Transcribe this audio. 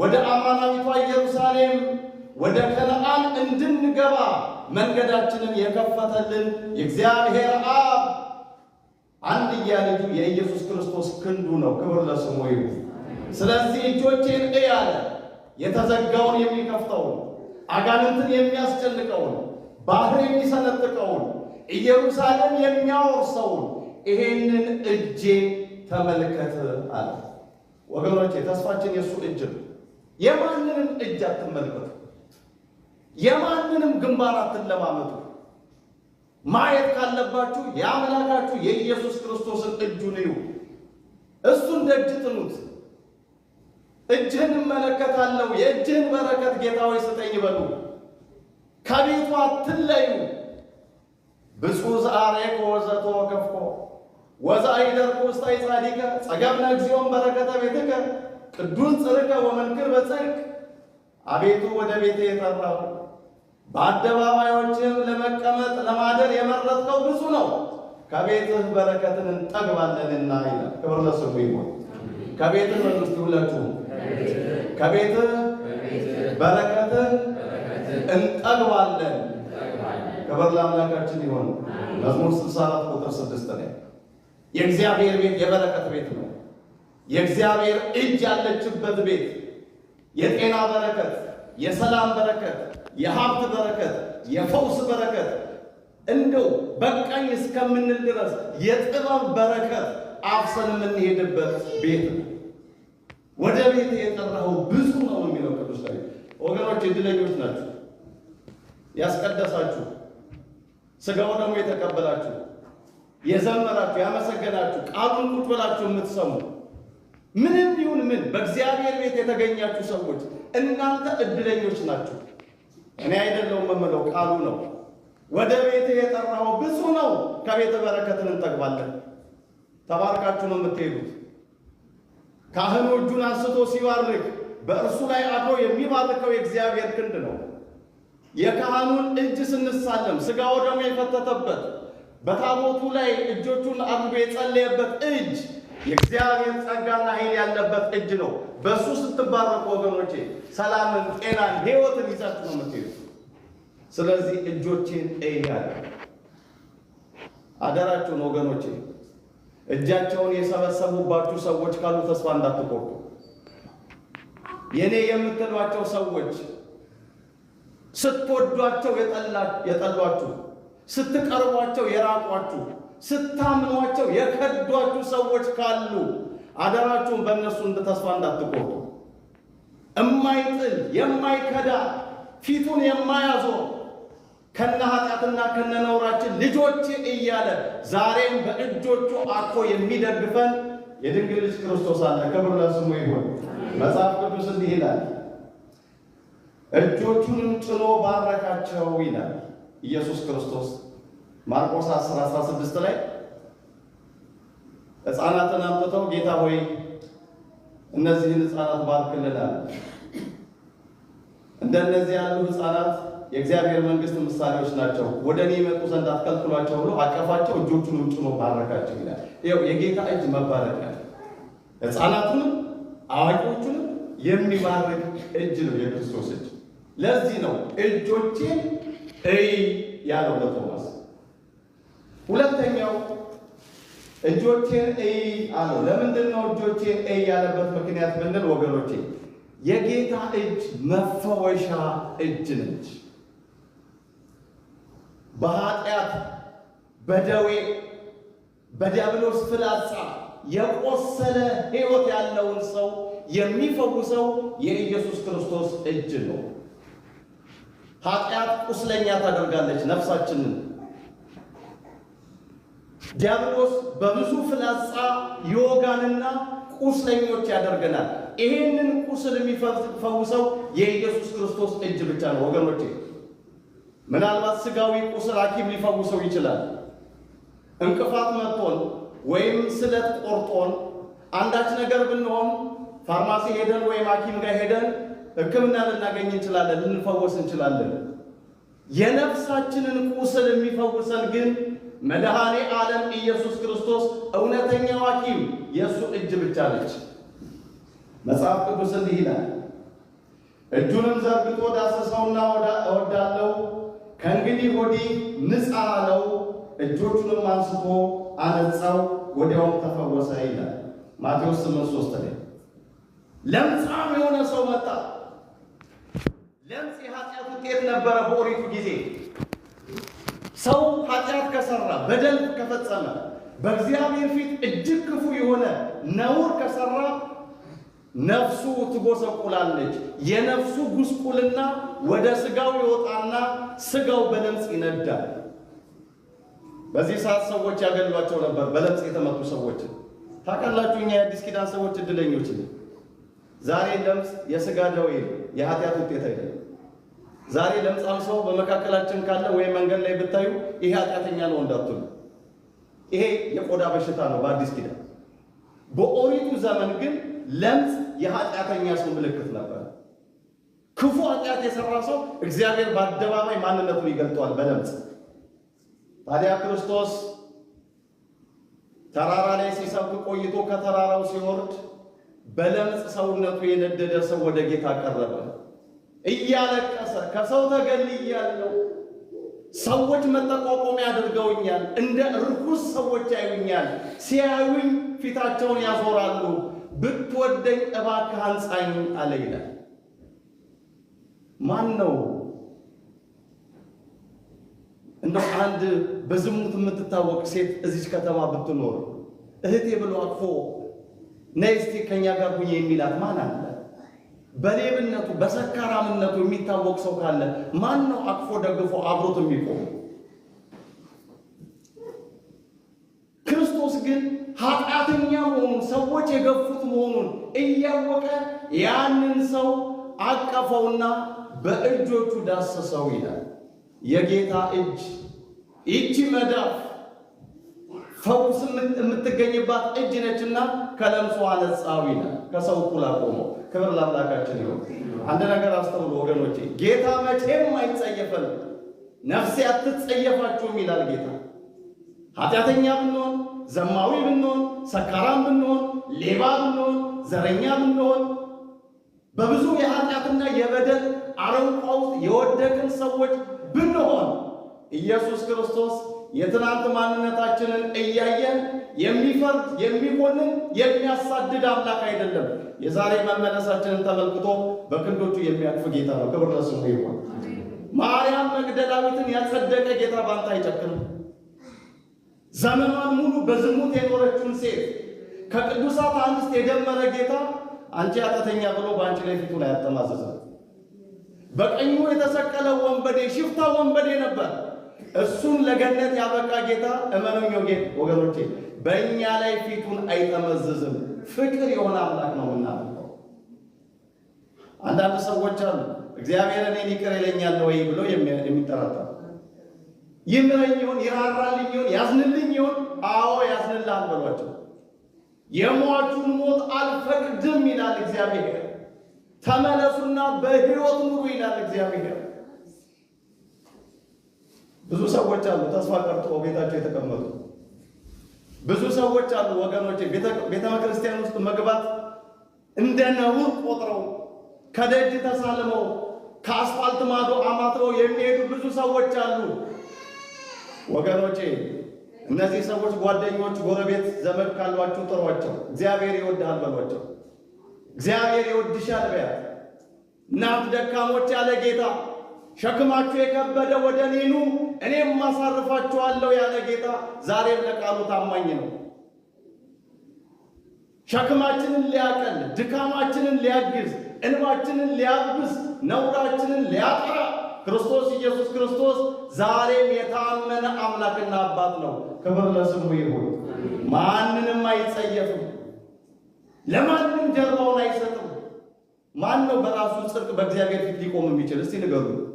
ወደ አማናዊቷ ኢየሩሳሌም ወደ ከነዓን እንድንገባ መንገዳችንን የከፈተልን የእግዚአብሔር አብ አንድያ ልጁ የኢየሱስ ክርስቶስ ክንዱ ነው። ክብር ለስሙ ይሁን። ስለዚህ እጆቼን እያለ የተዘጋውን የሚከፍተውን አጋንንትን የሚያስጨንቀውን ባህር የሚሰነጥቀውን ኢየሩሳሌም የሚያወርሰውን ይሄንን እጄ ተመልከት አለ። ወገኖቼ ተስፋችን የእሱ እጅ ነው። የማንንም እጅ አትመልከቱ። የማንንም ግንባር አትለማመጡ። ማየት ካለባችሁ የአምላካችሁ የኢየሱስ ክርስቶስን እጁን እዩ። እሱን ደጅ ጥኑት። እጅህን እመለከታለሁ፣ የእጅህን በረከት ጌታ ሆይ ስጠኝ በሉ። ከቤቱ አትለዩ። ብፁዕ ዘአርአኮ ወዘቶ ከፍኮ ወዛ ይደርቁ ውስተ ጻዲቀ ጸገብነ እግዚኦም በረከተ ቤትከ ቅዱስ ጽርቀ ወመንክር በጽድቅ አቤቱ ወደ ቤቴ የጠራው በአደባባዮችም ለመቀመጥ ለማደር የመረጥከው ብዙ ነው፣ ከቤትህ በረከትን እንጠግባለንና ይላል። ክብር ለስሙ ይሁን። ከቤትህ መንግስት ሁለቱ ከቤትህ በረከትን እንጠግባለን። ክብር ለአምላካችን ይሁን። መዝሙር 64 ቁጥር 6 ላይ የእግዚአብሔር ቤት የበረከት ቤት ነው። የእግዚአብሔር እጅ ያለችበት ቤት የጤና በረከት፣ የሰላም በረከት፣ የሀብት በረከት፣ የፈውስ በረከት እንደው በቃኝ እስከምንል ድረስ የጥበብ በረከት አፍሰን የምንሄድበት ቤት ነው። ወደ ቤት የጠራኸው ብዙ ነው የሚለው ቅዱስ ላይ ወገኖች እድለኞች ናችሁ። ያስቀደሳችሁ ስጋው ደግሞ የተቀበላችሁ የዘመራችሁ ያመሰገናችሁ ቃሉን ቁጭ ብላችሁ የምትሰሙ ምንም ይሁን ምን በእግዚአብሔር ቤት የተገኛችሁ ሰዎች እናንተ እድለኞች ናችሁ። እኔ አይደለሁም የምለው ቃሉ ነው። ወደ ቤት የጠራው ብዙ ነው። ከቤተ በረከትን እንጠግባለን። ተባርካችሁ ነው የምትሄዱት። ካህኑ እጁን አንስቶ ሲባርክ በእርሱ ላይ አድሮ የሚባርከው የእግዚአብሔር ክንድ ነው። የካህኑን እጅ ስንሳለም ስጋ ወደሙ የፈተተበት በታቦቱ ላይ እጆቹን አድርጎ የጸለየበት እጅ የእግዚአብሔር ጸጋና ኃይል ያለበት እጅ ነው። በእሱ ስትባረቁ ወገኖቼ ሰላምን፣ ጤናን፣ ሕይወትን ይዛችሁ ነው የምትሄዱ። ስለዚህ እጆቼን እያለ አደራችሁን ወገኖቼ እጃቸውን የሰበሰቡባችሁ ሰዎች ካሉ ተስፋ እንዳትቆርጡ። የእኔ የምትሏቸው ሰዎች ስትወዷቸው የጠሏችሁ፣ ስትቀርቧቸው የራቋችሁ ስታምኗቸው የከዷችሁ ሰዎች ካሉ አደራችሁን በእነሱ እንደ ተስፋ እንዳትቆጡ። እማይጥል የማይከዳ ፊቱን የማያዞር ከነ ኃጢአትና ከነ ነውራችን ልጆች እያለ ዛሬም በእጆቹ አቅፎ የሚደግፈን የድንግል ልጅ ክርስቶስ አለ። ክብር ለስሙ ይሁን። መጽሐፍ ቅዱስ እንዲህ ይላል፣ እጆቹንም ጭኖ ባረካቸው ይላል ኢየሱስ ክርስቶስ ማርቆስ 10 16 ላይ ህፃናትን አምጥተው ጌታ ሆይ እነዚህን ህፃናት ሕፃናት ባርክልናል፣ እንደነዚህ ያሉ ህፃናት የእግዚአብሔር መንግስት ምሳሌዎች ናቸው፣ ወደ እኔ የመጡ ዘንድ አትከልክሏቸው ብሎ አቀፋቸው፣ እጆቹን ውጭ ነው ባረካቸው ይላል። ይኸው የጌታ እጅ መባረቅ ያለ ሕፃናቱንም አዋቂዎቹንም የሚባርክ እጅ ነው የክርስቶስ እጅ። ለዚህ ነው እጆቼን እይ ያለው ለቶማስ ሁለተኛው እጆቼን እይ አለው። ለምንድን ነው እጆቼን እይ ያለበት ምክንያት ብንል ወገኖቼ የጌታ እጅ መፈወሻ እጅ ነች። በኃጢአት በደዌ በዲያብሎስ ፍላጻ የቆሰለ ሕይወት ያለውን ሰው የሚፈውሰው የኢየሱስ ክርስቶስ እጅ ነው። ኃጢአት ቁስለኛ ታደርጋለች ነፍሳችንን ዲያብሎስ በብዙ ፍላጻ ይወጋንና ቁስለኞች ያደርገናል። ይሄንን ቁስል የሚፈውሰው የኢየሱስ ክርስቶስ እጅ ብቻ ነው ወገኖቼ። ምናልባት ስጋዊ ቁስል ሐኪም ሊፈውሰው ይችላል። እንቅፋት መጥቶን ወይም ስለት ቆርጦን አንዳች ነገር ብንሆን ፋርማሲ ሄደን ወይም ሐኪም ጋር ሄደን ሕክምና ልናገኝ እንችላለን፣ ልንፈወስ እንችላለን። የነፍሳችንን ቁስል የሚፈውሰን ግን መድኃኔ ዓለም ኢየሱስ ክርስቶስ እውነተኛው ሐኪም የእሱ እጅ ብቻ ነች። መጽሐፍ ቅዱስ እንዲህ ይላል፣ እጁንም ዘርግቶ ዳሰሰውና እወዳለው፣ ከእንግዲህ ወዲህ ንጻ አለው። እጆቹንም አንስቶ አነጻው፣ ወዲያውም ተፈወሰ ይላል ማቴዎስ 8፥3 ላይ ለምጻም የሆነ ሰው መጣ። ለምጽ የኃጢአት ውጤት ነበረ በኦሪቱ ጊዜ ሰው ኃጢአት ከሰራ በደል ከፈጸመ በእግዚአብሔር ፊት እጅግ ክፉ የሆነ ነውር ከሰራ ነፍሱ ትጎሰቁላለች። የነፍሱ ጉስቁልና ወደ ስጋው ይወጣና ስጋው በለምጽ ይነዳል። በዚህ ሰዓት ሰዎች ያገሏቸው ነበር፣ በለምጽ የተመቱ ሰዎች። ታውቃላችሁ፣ እኛ የአዲስ ኪዳን ሰዎች እድለኞች ነን። ዛሬ ለምጽ የሥጋ ደዌ የኃጢአት ውጤት አይደለም። ዛሬ ለምጻም ሰው በመካከላችን ካለ ወይም መንገድ ላይ ብታዩ ይሄ ኃጢአተኛ ነው እንዳትሉ። ይሄ የቆዳ በሽታ ነው በአዲስ ኪዳን። በኦሪቱ ዘመን ግን ለምጽ የኃጢአተኛ ሰው ምልክት ነበር። ክፉ ኃጢአት የሰራ ሰው እግዚአብሔር በአደባባይ ማንነቱን ይገልጠዋል በለምጽ። ታዲያ ክርስቶስ ተራራ ላይ ሲሰብክ ቆይቶ ከተራራው ሲወርድ በለምጽ ሰውነቱ የነደደ ሰው ወደ ጌታ ቀረበ። እያለቀሰ ከሰው ተገልያለሁ፣ ሰዎች መጠቋቆሚያ አድርገውኛል፣ እንደ ርኩስ ሰዎች ያዩኛል፣ ሲያዩኝ ፊታቸውን ያዞራሉ፣ ብትወደኝ እባክህ አንጻኝ አለ ይላል። ማን ነው እንደ አንድ በዝሙት የምትታወቅ ሴት እዚች ከተማ ብትኖር እህቴ ብሎ አቅፎ ነይ እስቲ ከእኛ ጋር ሁኚ የሚላት ማን አለ? በሌብነቱ በሰካራምነቱ የሚታወቅ ሰው ካለ ማን ነው አቅፎ ደግፎ አብሮት የሚቆም? ክርስቶስ ግን ኃጢአተኛ መሆኑን ሰዎች የገፉት መሆኑን እያወቀ ያንን ሰው አቀፈውና በእጆቹ ዳሰሰው ይላል። የጌታ እጅ ይቺ መዳፍ ፈውስ የምትገኝባት እጅ ነችና ከለምሶ አነጻው ይላል። ከሰው እኩል አቆመው። ክብር ለአምላካችን ይሁን። አንድ ነገር አስተውሉ ወገኖቼ፣ ጌታ መቼም አይጸየፈን። ነፍሴ አትጸየፋችሁም ይላል ጌታ። ኃጢአተኛ ብንሆን፣ ዘማዊ ብንሆን፣ ሰካራም ብንሆን፣ ሌባ ብንሆን፣ ዘረኛ ብንሆን፣ በብዙ የኃጢአትና የበደል አረንቋ ውስጥ የወደቅን ሰዎች ብንሆን ኢየሱስ ክርስቶስ የትናንት ማንነታችንን እያየን የሚፈርድ የሚኮንን የሚያሳድድ አምላክ አይደለም። የዛሬ መመለሳችንን ተመልክቶ በክንዶቹ የሚያቅፍ ጌታ ነው። ክብር ለስሙ ይሆን። ማርያም መግደላዊትን ያጸደቀ ጌታ ባንተ አይጨክንም። ዘመኗን ሙሉ በዝሙት የኖረችውን ሴት ከቅዱሳት አንስት የደመረ ጌታ አንቺ አጣተኛ ብሎ በአንቺ ላይ ፊቱን ላይ በቀኙ የተሰቀለ ወንበዴ ሽፍታ ወንበዴ ነበር። እሱን ለገነት ያበቃ ጌታ እመኑኝ ወገኖቼ፣ በእኛ ላይ ፊቱን አይጠመዝዝም። ፍቅር የሆነ አምላክ ነው የምናመልከው። አንዳንድ ሰዎች አሉ እግዚአብሔር እኔን ይቅር ይለኛል ወይ ብሎ የሚጠራጠሩ ይምረኝ ይሆን ይራራልኝ ይሆን ያዝንልኝ ይሆን? አዎ ያዝንልሃል በሏቸው። የሟቹን ሞት አልፈቅድም ይላል እግዚአብሔር። ተመለሱና በሕይወት ኑሩ ይላል እግዚአብሔር። ብዙ ሰዎች አሉ ተስፋ ቀርጦ ቤታቸው የተቀመጡ ብዙ ሰዎች አሉ ወገኖች ቤተ ክርስቲያን ውስጥ መግባት እንደ ነውር ቆጥረው ከደጅ ተሳልመው ከአስፋልት ማዶ አማትረው የሚሄዱ ብዙ ሰዎች አሉ ወገኖቼ። እነዚህ ሰዎች ጓደኞች፣ ጎረቤት፣ ዘመድ ካሏችሁ ጥሯቸው። እግዚአብሔር ይወድሃል በሏቸው። እግዚአብሔር ይወድሻል በያት። እናት ደካሞች ያለ ጌታ ሸክማችሁ የከበደ ወደ እኔ ኑ እኔም አሳርፋችኋለሁ ያለ ጌታ ዛሬም ለቃሉ ታማኝ ነው። ሸክማችንን ሊያቀል፣ ድካማችንን ሊያግዝ፣ እንባችንን ሊያብስ፣ ነውራችንን ሊያጠራ ክርስቶስ ኢየሱስ ክርስቶስ ዛሬም የታመነ አምላክና አባት ነው። ክብር ለስሙ ይሁን። ማንንም አይጸየፍም። ለማንም ጀርባውን አይሰጥም። ማን ነው በራሱ ጽድቅ በእግዚአብሔር ፊት ሊቆም የሚችል? እስቲ ንገሩ።